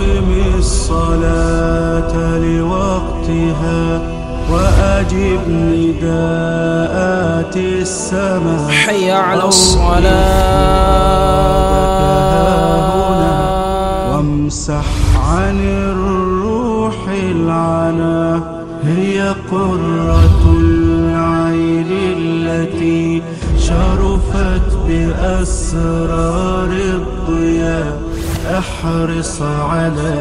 وأقم الصلاة لوقتها وأجب نداءات السماء حي على الصلاة وامسح عن الروح العنا هي قرة العين التي شرفت بأسرار الضياء احرص على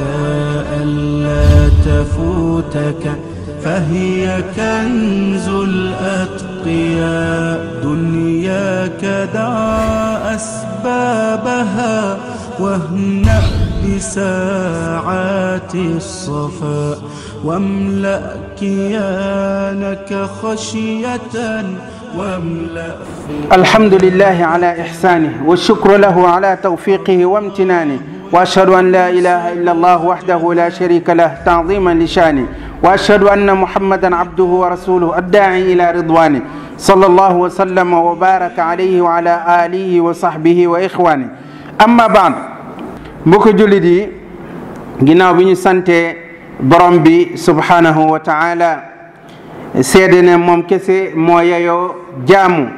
ألا تفوتك فهي كنز الأتقياء دنياك دع أسبابها واهنأ بساعات الصفاء واملأ كيانك خشية واملأ الحمد لله على إحسانه والشكر له على توفيقه وامتنانه واشهد ان لا اله الا الله وحده لا شريك له تعظيما لشانه واشهد ان محمدا عبده ورسوله الداعي الى رضوانه صلى الله وسلم وبارك عليه وعلى اله وصحبه واخوانه اما بعد mbokk jullit yi ginnaaw bi ñu sante borom bi subhanahu wa taala seede ne moom kese moo yeyoo jaamu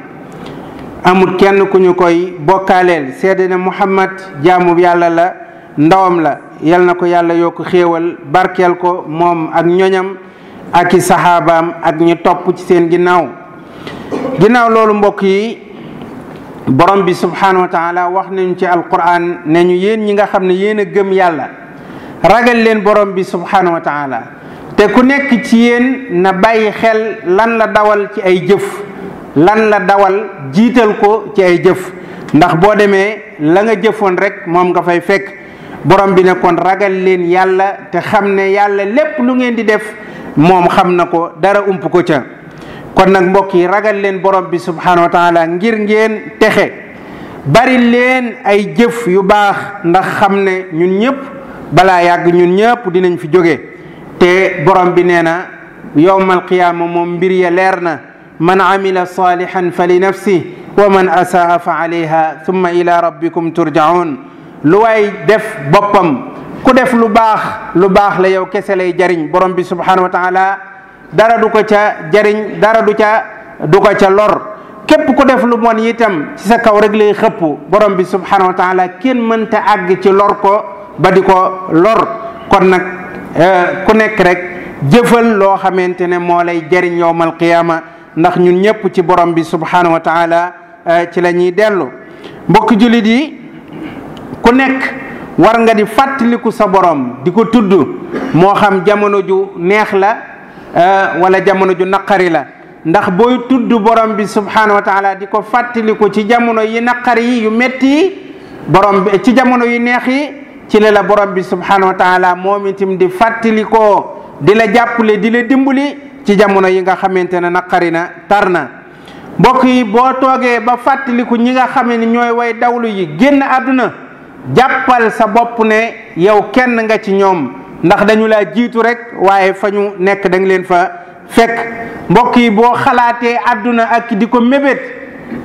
amul kenn ku ñu koy bokkaaleel seede ne Muhammad jaamu yàlla la ndawam la yal na ko yàlla yokk xéewal barkeel ko moom ak ñoñam ak i saxaabaam ak ñu topp ci seen ginnaaw ginnaaw loolu mbokk yi borom bi subhanahu wa taala wax nañu ci alquran ne ñu yéen ñi nga xam ne yéen a gëm yàlla ragal leen borom bi subhanahu wa taala te ku nekk ci yéen na bàyyi xel lan la dawal ci ay jëf lan la dawal jiital ko ci ay jëf ndax boo demee la nga jëfoon rek moom nga fay fekk borom bi ne kon ragal leen yàlla te xam ne yàlla lépp lu ngeen di def moom xam na ko dara ump ko ca kon nag mbokk yi ragal leen borom bi subhanahu wa taala ngir ngeen texe bari leen ay jëf yu baax ndax xam ne ñun ñëpp balaa yàgg ñun ñëpp dinañ fi jóge te borom bi nee na yowmal qiyaama moom mbir ya leer na man amila salihan fa li nafsi wa man asaa fa alayha thumma ila rabbikum turjaun lu waay def boppam ku def lu baax lu baax la yow kese lay jariñ borom bi subhanahu wa taala dara du ko ca jariñ dara du ca du ko ca lor képp ku def lu mon yitam ci sa kaw rek lay xëpp borom bi subhanahu wa taala kenn mënta àgg ci lor ko ba di ko lor kon nag euh, ku nekk rek jëfal loo xamante ne moo lay jariñ yowmal qiyaama ndax ñun ñëpp ci borom bi subhanahu wa taala euh, ci la ñuy dellu mbokk jullit yi ku nekk war nga di fàttaliku sa borom di ko tudd moo xam jamono ju neex la euh, wala jamono ju naqari la ndax booy tudd borom bi subhanahu wa di ko fàttaliku ci jamono yi naqari yi yu metti yi ci jamono yu neex yi ci la la borom bi subhanahu wa taala moom itam di fàttalikoo di la jàppale di la dimbali ci jamono yi nga xamante ne naqari na tar na mbokk yi boo toogee ba fàttaliku ñi nga xam ne ñooy way dawlu yi génn àdduna jàppal sa bopp ne yow kenn nga ci ñoom ndax dañu laa jiitu rek waaye fa ñu nekk da leen fa fekk mbokk yi boo xalaatee àdduna ak di ko mébét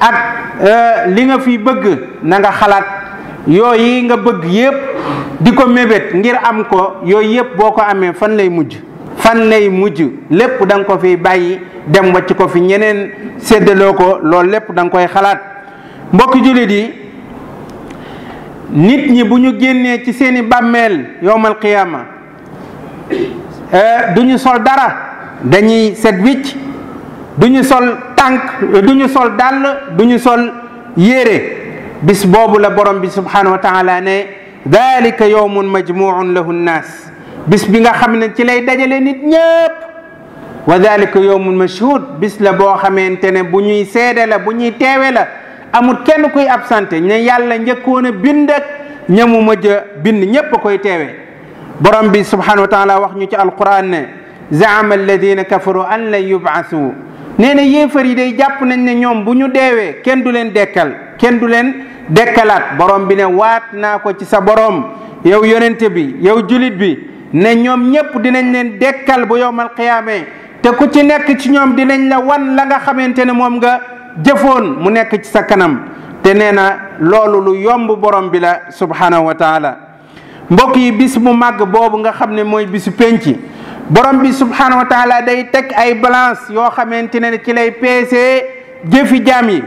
ak euh, li nga fi bëgg na nga xalaat yooyu nga bëgg yépp di ko mébét ngir am ko yooyu yépp boo ko amee fan lay mujj fan lay mujj lépp danga ko fi bàyyi dem wàcc ko fi ñeneen séddaloo ko loolu lépp danga koy xalaat mbokki jullit yi nit ñi bu ñu génnee ci seeni bàmmeel yowmal qiyaama eh, duñu sol dara dañuy set wicc duñu sol tànk du ñu sol dàll duñu sol yére bis boobu la borom bi subhanahu wa taala ne dalika yowmun majmuun lahu nnaas bis bi nga xam ne ci lay dajale nit ñëpp wa dalika yowmun mashhud bis la boo xamante ne bu ñuy seede la bu ñuy teewe la amul kenn kuy absenté ña yàlla njëkkoon a bind ak ña mu bind ñépp koy teewe borom bi subhanahu wa taala wax ñu ci alquran ne zaama alladina kafaru an lan yubaasu nee na yéefar yi day jàpp nañ ne ñoom bu ñu deewee kenn du leen dekkal kenn du leen dekkalaat borom bi ne waat naa ko ci sa borom yow yonente bi yow julit bi ne ñoom ñépp dinañ leen dekkal bu yowmal qiyaame te ku ci nekk ci ñoom dinañ la wan la nga xamante ne moom nga jëfoon mu nekk ci sa kanam te nee na loolu lu yomb borom bi la subhanahu wa taala mbokk yi bis mu màgg boobu nga xam ne mooy bisu penc borom bi subhanahu wa taala day teg ay balance yoo xamante ne ci lay peesee jëfi jaam yi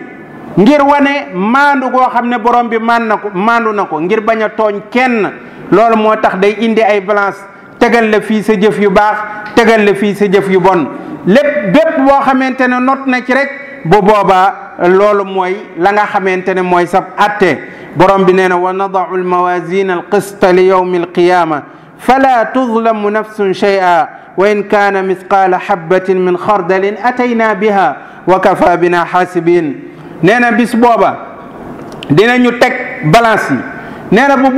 ngir wane maandu goo xam ne borom bi maan na ko maandu na ko ngir bañ a tooñ kenn loolu moo tax day indi ay balance tegal la fii sa jëf yu baax tegal la fii sa jëf yu bon lépp bépp boo xamante ne nott na ci rek bu boobaa loolu mooy la nga xamante ne mooy sab atte borom bi nee na wa nadau almawasina alqista li yawmi alqiyama fala tuzlamu nafsun shay'a wa in kaana misqaala xabbatin min xardalin atayna biha wa kafa bina xaasibin nee na bis booba dinañu teg balance yi nee na bu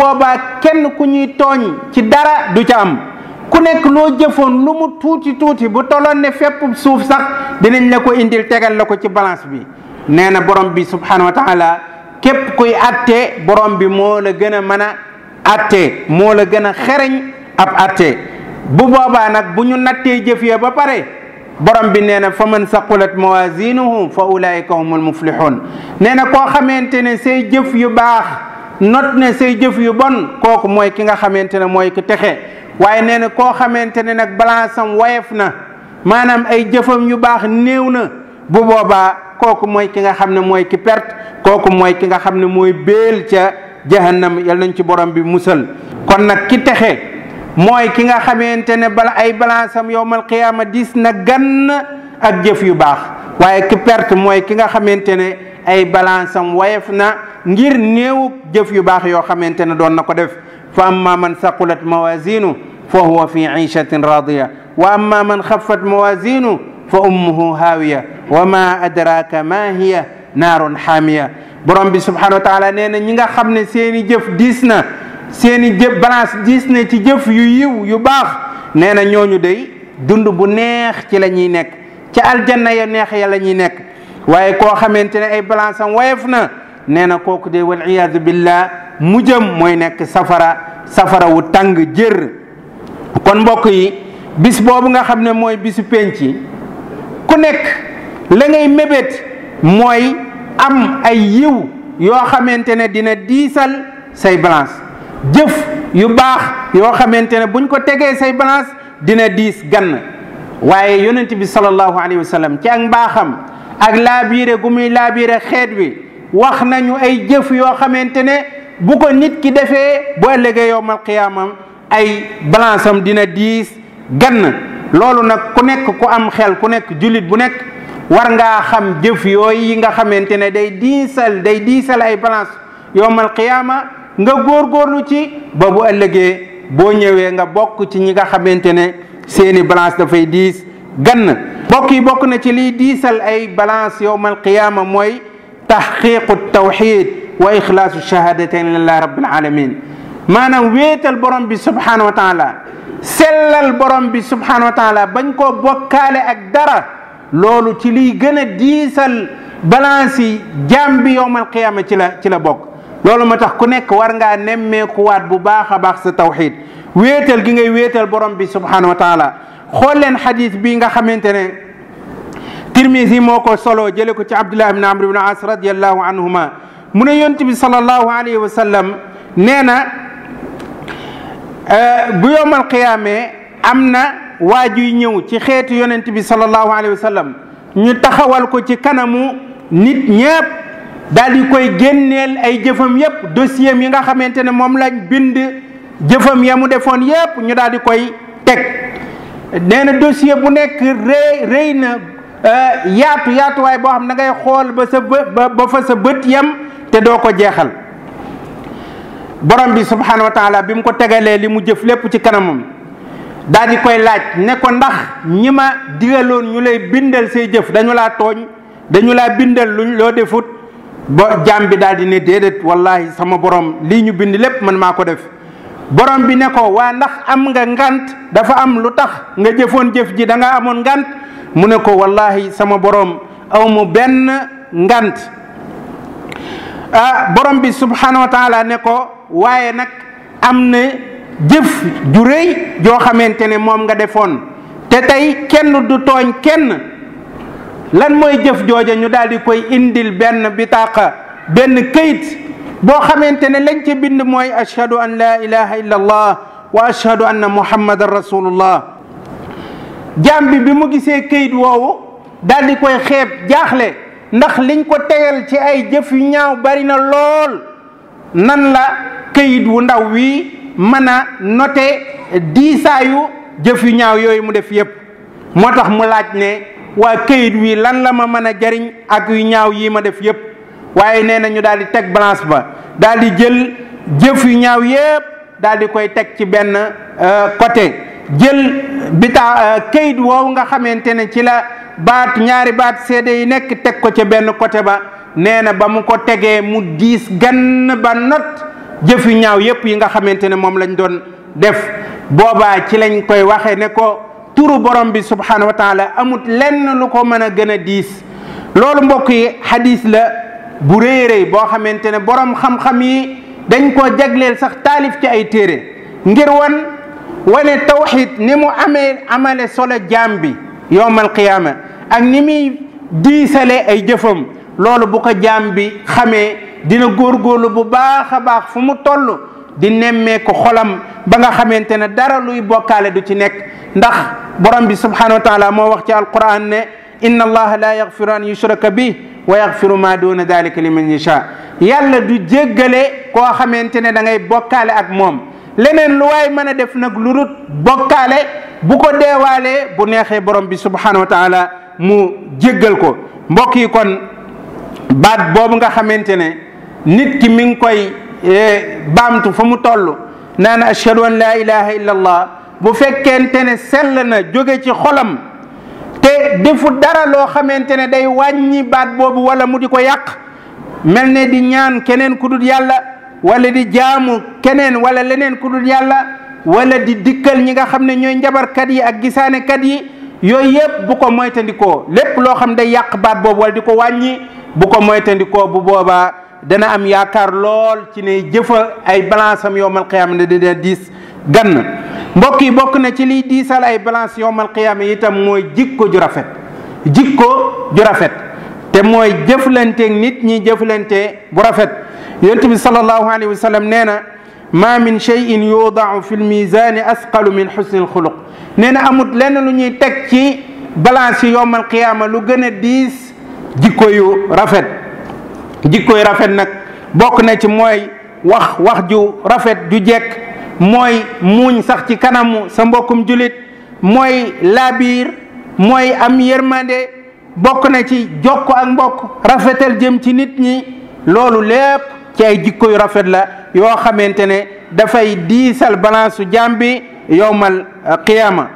kenn ku ñuy tooñ ci dara du ca am ku nekk loo jëfoon lu mu tuuti tuuti bu toloon ne fépp suuf sax dinañ la ko indil tegal la ko ci balance bi nee na borom bi subhanahu wa taala képp kuy atte borom bi moo la gën a mën a atte moo la gën a xereñ ab atte bu boobaa nag bu ñu nattee jëf ya ba pare borom bi nee na fa man saqulat mawazinuhu fa ulaika humul muflihun nee na koo xamante ne say jëf yu baax not ne say jëf yu bon kooku mooy ki nga xamante ne mooy ki texe waaye nee na koo xamante ne nag balance am woyof na maanaam ay jëfam yu baax néew na bu boobaa kooku mooy ki nga xam ne mooy ki kooku mooy ki nga xam ne mooy béel ca jahannam yal nañ ci borom bi musal kon nag ki texe mooy ki nga xamante ne bala ay balance am yowmal qiyaama dis na gann ak jëf yu baax waaye ki perte mooy ki nga xamante ne ay balance am na ngir néewu jëf yu baax yoo xamante ne doon na ko def fa amma man saqulat mawazinu فهو في عيشة راضية وأما من خفت موازينه فأمه هاوية وما أدراك ما هي نار حامية borom bi subhanahu wa taala nee na ñi nga xam ne seeni jëf diis na seeni jëf balance diis na ci jëf yu yiw yu baax nee na ñooñu day dund bu neex ci la ñuy nekk ci aljanna ya neex ya la ñuy nekk waaye koo xamante ne ay balance am woyof na nee na kooku de wal iyaadu billah mujjam mooy nekk safara safara wu tàng jër kon mbokk yi bis boobu nga xam ne mooy bisu yi ku nekk la ngay mébét mooy am ay yiw yoo xamante ne dina diisal say balance jëf yu baax yoo xamante ne buñ ko tegee say balance dina diis gann waaye yonent bi sallallahu alayhi wa sallam ci ak mbaaxam ak laabiire gu muy laabiire xeet wi wax nañu ay jëf yoo xamante ne bu ko nit ki defee bu ëllëgee yowmal qiyaamam ay balance am dina diis gann loolu nag ku nekk ku am xel ku nekk jullit bu nekk war ngaa xam jëf yooyu yi nga xamante ne day diisal day diisal ay balance yowmal qiyaama nga góorgóorlu ci ba bu ëllëgee boo ñëwee nga bokk ci ñi nga xamante ne seeni balance dafay diis gann bokk yi bokk na ci liy diisal ay balance yowmal qiyaama mooy taxqiqu tawxid wa ixlaasu shahadatain lillahi rabbil alamin maanaam wéetal borom bi subhanahu wa taala sellal borom bi subhanahu wa taala bañ koo bokkaale ak dara loolu ci liy gën a diisal balance yi jaam bi yowmal qiyaama ci la ci la bokk loolu moo tax ku nekk war ngaa nemmeekuwaat bu baax a baax sa tawxiid wéetal gi ngay wéetal borom bi subhanahu wa taala xool leen xadis bii nga xamante ne tirmisi moo ko solo jële ko ci abdullah ibn amr ibn as radiallahu anhuma mu ne yonent bi sallallahu alayhi wa sallam nee na Euh, bu yowmal qiyaamee am na waa juy ñëw ci xeetu yonent bi sallallahu alayhi wa sallam ñu taxawal ko ci kanamu nit ñépp daal koy génneel ay jëfam yépp dossier yi nga xamante ne moom lañ bind jëfam ya mu defoon yépp ñu daal di koy teg nee na dossier bu nekk rëy rëy na euh, yaatu yaatuwaay boo xam na ngay xool ba sa sa bët yam te doo ko jeexal borom bi subhanahu wa taala bi mu ko tegalee li mu jëf lépp ci kanamam daal di koy laaj ne ko ndax ñi ma digaloon ñu lay bindal say jëf dañu laa tooñ dañu laa bindal luñ loo defut ba jaam bi daal di ne déedéet wallahi sama borom lii ñu bind lépp man maa ko def borom bi ne ko waa ndax am nga ngànt dafa am lu tax nga jëfoon jëf ji danga amoon ngant mu ne ko wallahi sama borom aw mu benn ngànt Ah, borom bi subhanahu wa taala ne ko waaye nag am na jëf ju rëy joo xamante ne moom nga defoon te tey kenn du tooñ kenn lan mooy jëf jooja ñu daal koy indil benn bitaaqa benn këyit boo xamante ne lañ ca bind mooy ashhadu an laa ilaha illa allah wa ashhadu anna muhammadan rasulullah jaam bi bi mu gisee këyit woowu daldi koy xeet jaaxle ndax liñ ko tegal ci ay jëf yu ñaaw bari na lool nan la këyit wu ndaw wi mën a note diisaayu jëf yu ñaaw yooyu mu def yépp moo tax mu laaj ne waa këyit wi lan la ma mën a jariñ ak yu ñaaw yii ma def yépp waaye nee nañu ñu daal di teg balance ba daal di jël jëf yu ñaaw yépp daal di koy teg ci benn euh, côté jël bitaa euh, këyit woowu nga xamante ne ci la baat ñaari baat seede yi nekk teg ko ca benn côté ba nee na ba mu ko tegee mu diis gann ba not jëf yu ñaaw yépp yi nga xamante ne moom lañ doon def boobaa ci lañ koy waxe ne ko turu borom bi subhanahu wa taala amut lenn lu ko mën a gën a diis loolu mbokk yi xadiis la bu rëy rëy boo xamante ne borom xam-xam yi dañ koo jagleel sax taalif ci ay téere ngir wan wane tawxid ni mu amee amale solo jaam bi yowmal qiyaama ak ni muy diisalee ay jëfam loolu bu ko jaam bi xamee dina góorgóorlu bu baax a baax fu mu toll di nemmeeku xolam ba nga xamante ne dara luy bokkaale du ci nekk ndax borom bi subhanahu wa taala moo wax ci alquran ne inna allaha la yaxfiru an yushraka bi wa yaxfiru ma duna dalika liman yasha yàlla du jéggale koo xamante ne da ngay bokkaale ak moom leneen lu waay mën a def nag lu rut bokkaale bu ko deewaalee bu neexee borom bi subhanahu wa mu jéggal ko mbokk yi kon baat boobu nga xamante ne nit ki mi ngi koy e, baamtu fa mu toll naan ashhadu an laa ilaha illa allah bu fekkente ne sell na jóge ci xolam te defu dara loo xamante ne day wàññi baat boobu wala mu di ko yàq mel ne di ñaan keneen ku dul yàlla wala di jaamu keneen wala leneen ku dul yàlla wala di dikkal ñi nga xam ne ñooy njabarkat yi ak gisaanekat yi yooyu yëpp bu ko moytandikoo lépp loo xam day yàq baat boobu wala di ko wàññi bu ko moytandikoo bu boobaa dana am yaakaar lool ci ne jëfa ay balance am yowmal qiyaama ne dina diis gann mbokk yi bokk na ci liy diisal ay balance yowmal qiyaama itam mooy jikko ju rafet jikko ju rafet te mooy jëflante nit ñi jëflante bu rafet yonent bi sallallahu alayhi wa nee na ma min cheyin yudaau fi lmisani asqalu min xusni alxuluq nee na amut lenn lu ñuy teg ci balance yi yowmal qiyaama lu gën a diis jikko yu rafet jikko yu rafet nag bokk na ci mooy wax wax ju rafet ju jekk mooy muuñ sax ci kanamu sa mbokkum julit mooy laabiir mooy am yërmande bokk na ci jokk ak mbokk rafetal jëm ci nit ñi loolu lépp ci ay jikko yu rafet la yoo xamante ne dafay diisal balance su jaam bi yowmal euh, qiyaama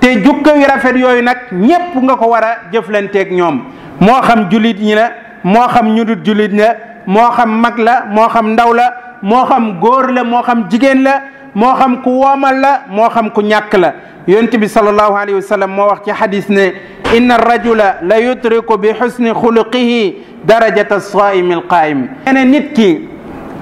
te jukko yu rafet yooyu nag ñépp nga ko war a jëflanteeg ñoom moo xam julit ñi la moo xam ñu dut julit la moo xam mag la moo xam ndaw la moo xam góor la moo xam jigéen la moo xam ku woomal la moo xam ku ñàkk la yonent bi sallallahu alayhi wa sallam moo wax ci hadis ne inna rajula la yutriku bi xusni xuluqihi darajata saimi alqaim mene nit ki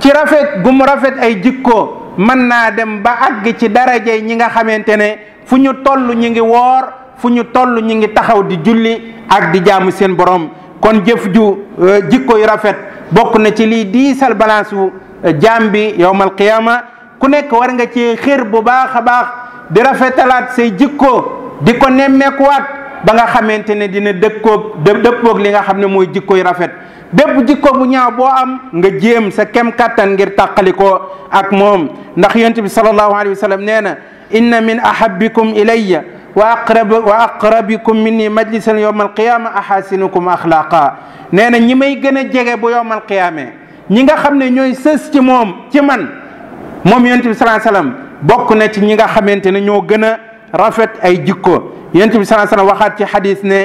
ci rafet gu mu rafet ay jikko mën naa dem ba àgg ci daraje ñi nga xamante ne fu ñu toll ñi ngi woor fu ñu toll ñi ngi taxaw di julli ak di jaamu seen borom kon jëf ju euh, jikko yu rafet bokk na ci lii diisal balance wu euh, jaam bi yowmal qiyaama ku nekk war nga ci xiir bu baax a baax di rafetalaat sey jikko di ko nemmeekuwaat ba nga xamante ne dina dëkkoog dëppoog li nga xam ne mooy jikkoy rafet bépp jikko bu ñaaw boo am nga jéem sa kem kattan ngir tàqali ko ak moom ndax yonent bi sallallahu alayhi wa sallam nee na inna min ahabbikum ilayya wa aqrab wa aqrabikum minni majlisan yowma alqiyama ahasinukum axlaqa nee na ñi may gën a jege bu yowm alqiyamé ñi nga xam ne ñooy sës ci moom ci man moom yonent bi sallallahu bokk na ci ñi nga xamante ne ñoo gën a rafet ay jikko yent bi sallallahu alayhi waxaat ci xadis ne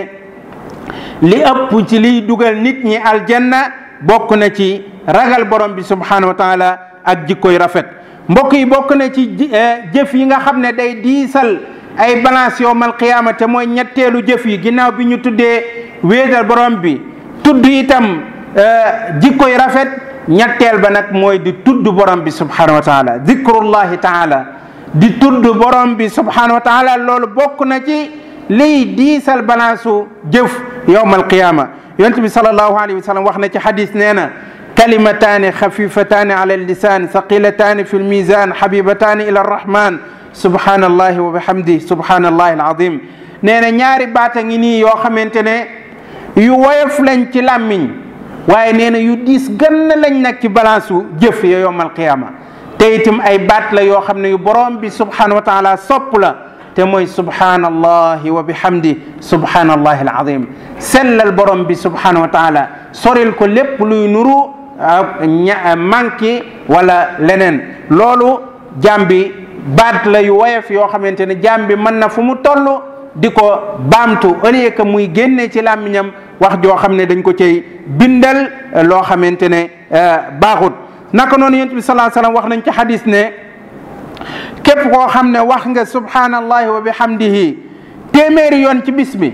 li ëpp ci liy dugal nit ñi aljanna bokk na ci ragal borom bi subhanahu wa taala ak jikkoy rafet mbokk yi bokk na ci eh, jëf yi nga xam ne day diisal ay balance yowmal qiyaama te mooy ñetteelu jëf yi ginnaaw bi ñu tuddee wéetal borom bi tudd itam eh, jikkoy rafet ñetteel ba nag mooy di tudd borom bi subhanahu wa taala zikrullahi taala di tudd borom bi subhanahu wa taala loolu bokk na ci liy diisal balaasu jëf yowmal qiyaama yonent bi salallahu alayhi wa sallam wax na ci xadis nee na kalimataani xafifataani ala lisaan saqilataani fi lmisan xabibataani ila arrahman subhanallahi wa bihamdi subhanallahi alazim nee na ñaari baata ngi nii yoo xamante ne yu woyof lañ ci làmmiñ waaye nee na yu diis gën lañ nag ci balaasu jëf yo yowmal te itam ay baat la yoo xam ne yu borom bi subhanahu wa taala sopp la te mooy subhanallahi wa bihamdi subhanallahi alazim sellal borom bi subhanahu wa taala soril ko lépp luy nuru ña wala leneen loolu jaam bi baat la yu woyof yoo xamante ne jaam bi mën na fu mu toll di ko baamtu ëllëg muy génne ci làmmiñam wax joo xam ne dañ ko cay bindal loo xamante ne euh, baaxut naka noonu yonent bi salaa salaam wax nañ ci xadis ne képp koo xam ne wax nga subhanallahi wa bihamdihi téeméeri yoon ci bis bi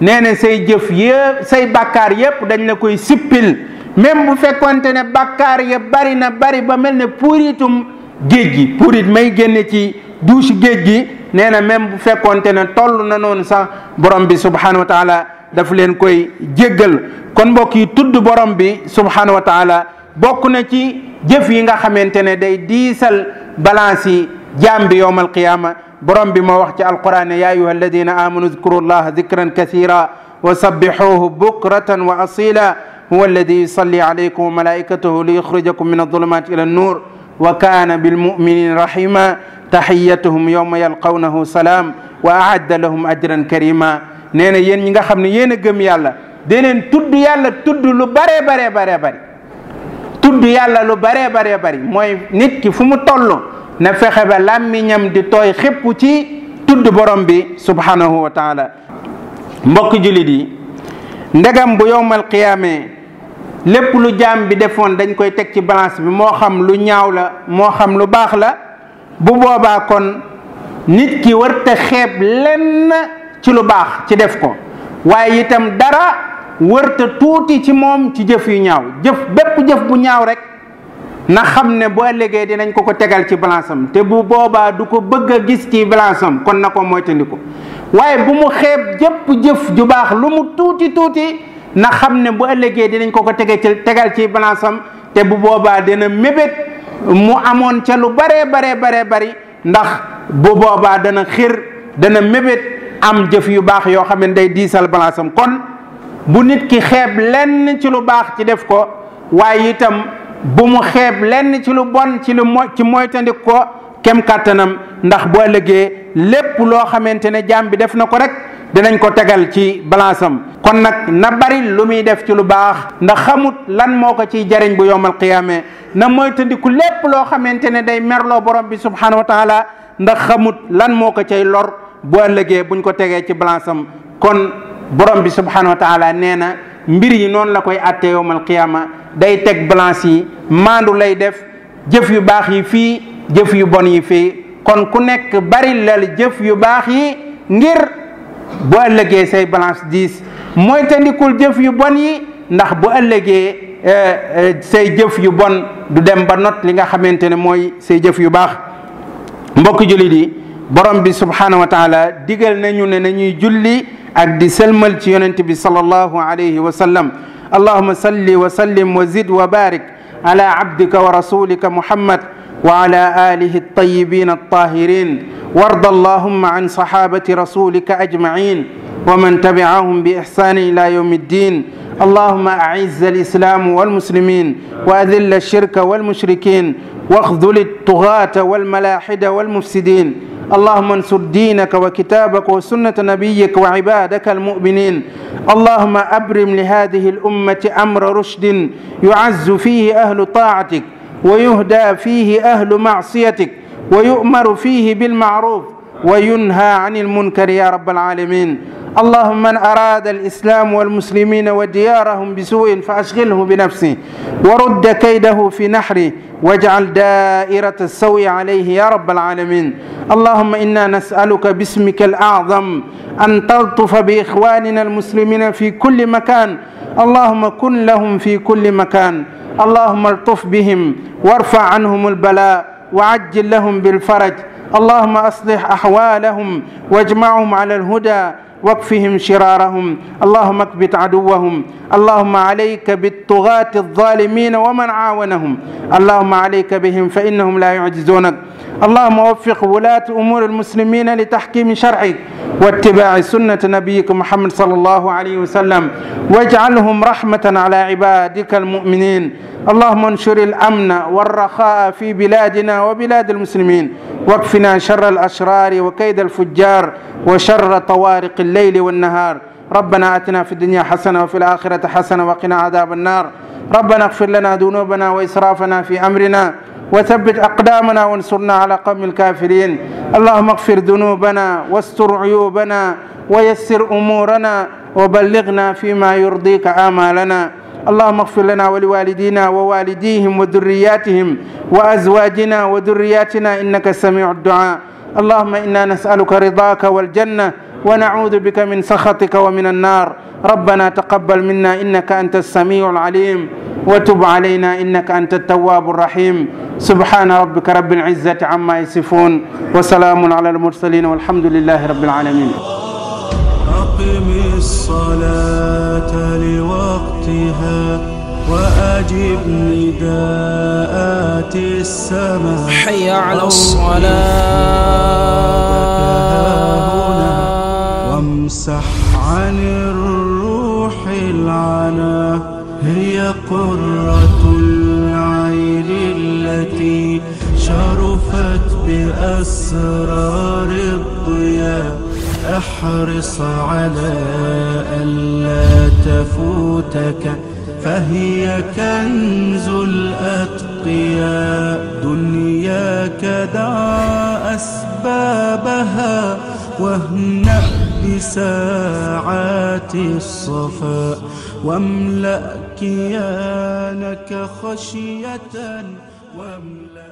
nee na say jëf yëpp say bàkkaar yëpp dañ la koy sippil même bu fekkonte ne bàkkaar ya bari na bari ba mel ne puuritum géej gi puurit may génne ci douche géej gi nee na même bu fekkonte ne toll na noonu sax borom bi subhanahu wa taala daf leen koy jéggal kon mbokk yi tudd borom bi subhanahu wa bokk na ci jëf yi nga xamante ne day diisal balance yi jaam bi yowm alqiyaama borom bi moo wax ci alquran ne ya ayuha alladina amanu zkuru llaha zikran kathira wa sabbixuuhu bukratan wa asila huwa alladi yusalli alaykum wa malaikatahu li yuxrijakum min adulumat ila annuur wa kaana bilmuminin rahima taxiyatuhum yowma yalqawnahu salaam wa aadda lahum ajran karima nee na yéen ñi nga xam ne yéen a gëm yàlla deneen tudd yàlla tudd lu bare bare bare bare tudd yàlla lu baree baree bari mooy nit ki fu mu toll na fexe ba làmmiñam di tooy xépp ci tudd borom bi subhanahu wa taala mbokk jullit yi ndegam bu yowmal qiyaamee lépp lu jaam bi defoon dañ koy teg ci balance bi moo xam lu ñaaw la moo xam lu baax la bu boobaa kon nit ki warta xeeb lenn ci lu baax ci def ko waaye itam dara wërta tuuti ci moom ci jëf yu ñaaw jëf bépp jëf bu ñaaw rek na xam ne boo ëllëgee dinañ ko ko tegal ci balance am te bu boobaa du ko bëgg gis ci balance kon na ko moytandiku waaye bu mu xeeb jëpp jëf ju baax lu mu tuuti tuuti na xam ne bu ëllëgee dinañ ko ko tege ci tegal ci balance te bu boobaa dana mébét mu amoon ca lu baree baree baree bari ndax bu boobaa dana xir dana mébét am jëf yu baax yoo xam ne day diisal balance kon bu nit ki xeeb lenn ci lu baax ci def ko waaye itam bu mu xeeb lenn ci lu bon ci lu ci moytandik ko kem kàttanam ndax bu ëllëgee lépp loo xamante ne jaam bi def na ko rek dinañ ko tegal ci balance am kon nag na bari lu muy def ci lu baax ndax xamut lan moo ko ciy jariñ bu yowmal qiyaame na moytandiku lépp loo xamante ne day merloo borom bi subhanahu wa taala ndax xamut lan moo ko cay lor bu ëllëgee buñ ko tegee ci balance am kon borom bi subhanahu wa taala nee na mbir yi noonu la koy àtte yowmal qiyaama day teg balance yi maandu lay def jëf yu baax yi fii jëf yu bon yi fii kon ku nekk bari lal jëf yu baax yi ngir bu ëllëgee say balance diis mooy tandikul jëf yu bon yi ndax bu ëllëgee eh, eh, say jëf yu bon du dem ba not li nga xamante ne mooy say jëf yu baax mbokk jullit yi borom bi subhanahu wa digal nañu ne nañuy julli ak di sëlmal ci yonent bi sallallahu alayhi wa sallam allahuma salli wa sallim wa zid wa barik ala abdika wa rasulika muhammad wa ala alihi altayibin altahirin warda allahuma an sahabati rasulika ajmain wa man tabiahum bi ihsanin ila yawmi ddin اللهم أعز الإسلام والمسلمين وأذل الشرك والمشركين واخذل الطغاة والملاحدة والمفسدين اللهم انصر دينك وكتابك وسنة نبيك وعبادك المؤمنين اللهم أبرم لهذه الأمة أمر رشد يعز فيه أهل طاعتك ويهدى فيه أهل معصيتك ويؤمر فيه بالمعروف وينهى عن المنكر يا رب العالمين اللهم من أراد الإسلام والمسلمين وديارهم بسوء فأشغله بنفسه ورد كيده في نحره واجعل دائرة السوء عليه يا رب العالمين اللهم إنا نسألك باسمك الأعظم أن تلطف بإخواننا المسلمين في كل مكان اللهم كن لهم في كل مكان اللهم الطف بهم وارفع عنهم البلاء وعجل لهم بالفرج اللهم أصلح أحوالهم واجمعهم على الهدى واكفهم شرارهم اللهم اكبت عدوهم اللهم عليك بالطغاة الظالمين ومن عاونهم اللهم عليك بهم فإنهم لا يعجزونك اللهم وفق ولاة أمور المسلمين لتحكيم شرعك واتباع سنة نبيك محمد صلى الله عليه وسلم واجعلهم رحمة على عبادك المؤمنين اللهم انشر الأمن والرخاء في بلادنا وبلاد المسلمين واكفنا شر الأشرار وكيد الفجار وشر طوارق الليل والنهار ربنا آتنا في الدنيا حسنة وفي الآخرة حسنة وقنا عذاب النار ربنا اغفر لنا ذنوبنا وإسرافنا في أمرنا وثبت أقدامنا وانصرنا على قوم الكافرين اللهم اغفر ذنوبنا واستر عيوبنا ويسر أمورنا وبلغنا فيما يرضيك آمالنا اللهم اغفر لنا ولوالدينا ووالديهم وذرياتهم وأزواجنا وذرياتنا إنك سميع الدعاء اللهم إنا نسألك رضاك والجنة ونعوذ بك من سخطك ومن النار ربنا تقبل منا إنك أنت السميع العليم وتب علينا إنك أنت التواب الرحيم سبحان ربك رب العزة عما يصفون وسلام على المرسلين والحمد لله رب العالمين أقم الصلاة لوقتها وأجب نداءات السماء حي على الصلاة وامسح عن الرحمة هي قرة العين التي شرفت بأسرار الضياء احرص على ألا تفوتك فهي كنز الأتقياء دنياك دع أسبابها واهنأ بساعات الصفاء واملأ كيانك خشية واملأ